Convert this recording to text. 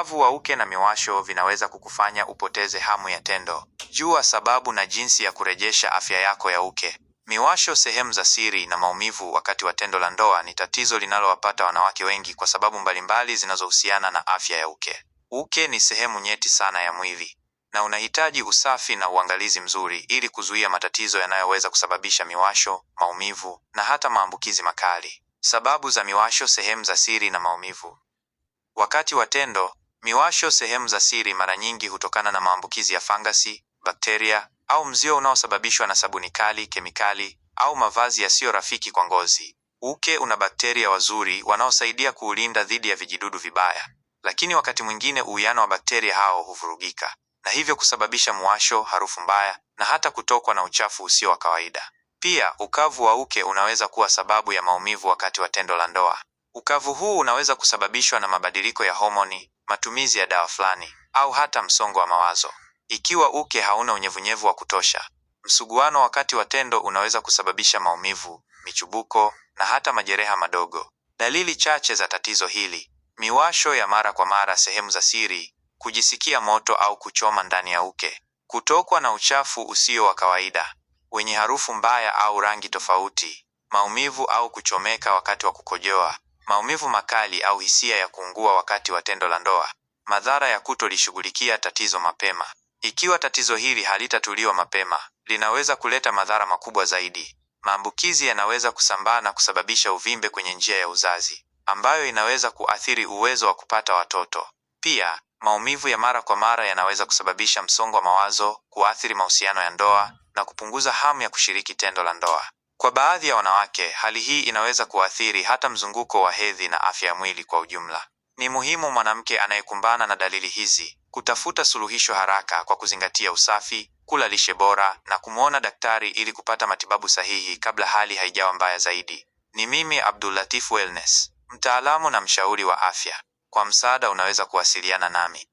Ukavu wa uke na miwasho vinaweza kukufanya upoteze hamu ya tendo. Jua sababu na jinsi ya kurejesha afya yako ya uke. Miwasho, sehemu za siri na maumivu wakati wa tendo la ndoa ni tatizo linalowapata wanawake wengi kwa sababu mbalimbali zinazohusiana na afya ya uke. Uke ni sehemu nyeti sana ya mwili na unahitaji usafi na uangalizi mzuri ili kuzuia matatizo yanayoweza kusababisha miwasho, maumivu na hata maambukizi makali. Sababu za miwasho, sehemu za siri na maumivu. Wakati wa tendo, Miwasho sehemu za siri mara nyingi hutokana na maambukizi ya fangasi, bakteria au mzio unaosababishwa na sabuni kali, kemikali au mavazi yasiyo rafiki kwa ngozi. Uke una bakteria wazuri wanaosaidia kuulinda dhidi ya vijidudu vibaya, lakini wakati mwingine uwiano wa bakteria hao huvurugika na hivyo kusababisha muwasho, harufu mbaya na hata kutokwa na uchafu usio wa kawaida. Pia ukavu wa uke unaweza kuwa sababu ya maumivu wakati wa tendo la ndoa. Ukavu huu unaweza kusababishwa na mabadiliko ya homoni, matumizi ya dawa fulani, au hata msongo wa mawazo. Ikiwa uke hauna unyevunyevu wa kutosha, msuguano wakati wa tendo unaweza kusababisha maumivu, michubuko na hata majeraha madogo. Dalili chache za tatizo hili: miwasho ya mara kwa mara sehemu za siri, kujisikia moto au kuchoma ndani ya uke, kutokwa na uchafu usio wa kawaida wenye harufu mbaya au rangi tofauti, maumivu au kuchomeka wakati wa kukojoa maumivu makali au hisia ya kuungua wakati wa tendo la ndoa, madhara ya kutolishughulikia tatizo mapema. Ikiwa tatizo hili halitatuliwa mapema, linaweza kuleta madhara makubwa zaidi. Maambukizi yanaweza kusambaa na kusababisha uvimbe kwenye njia ya uzazi, ambayo inaweza kuathiri uwezo wa kupata watoto. Pia, maumivu ya mara kwa mara yanaweza kusababisha msongo wa mawazo, kuathiri mahusiano ya ndoa na kupunguza hamu ya kushiriki tendo la ndoa. Kwa baadhi ya wanawake, hali hii inaweza kuathiri hata mzunguko wa hedhi na afya ya mwili kwa ujumla. Ni muhimu mwanamke anayekumbana na dalili hizi kutafuta suluhisho haraka kwa kuzingatia usafi, kula lishe bora na kumwona daktari ili kupata matibabu sahihi kabla hali haijawa mbaya zaidi. Ni mimi Abdulatif Wellness, mtaalamu na mshauri wa afya. Kwa msaada unaweza kuwasiliana nami.